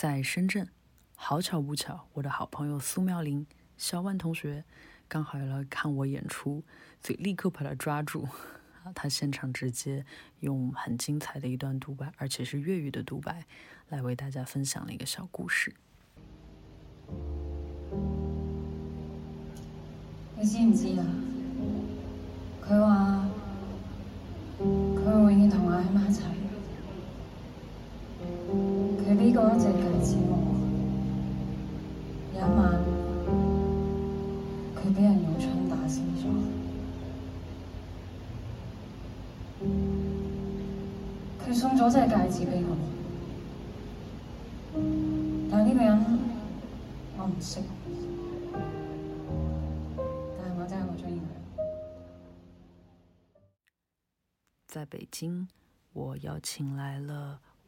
在深圳，好巧不巧，我的好朋友蘇妙玲、肖萬同學剛好要來看我演出，所以立刻把她抓住。她，啊，他現場直接用很精彩的一段獨白，而且是粵語的獨白，來為大家分享了一個小故事。你知唔知啊？佢話佢會永遠同我喺埋一齊。俾過一隻戒指我，有一晚佢俾人用槍打死咗，佢送咗隻戒指畀我，但係呢個人我唔識，但係我真係好鍾意佢。在北京，我邀請來了。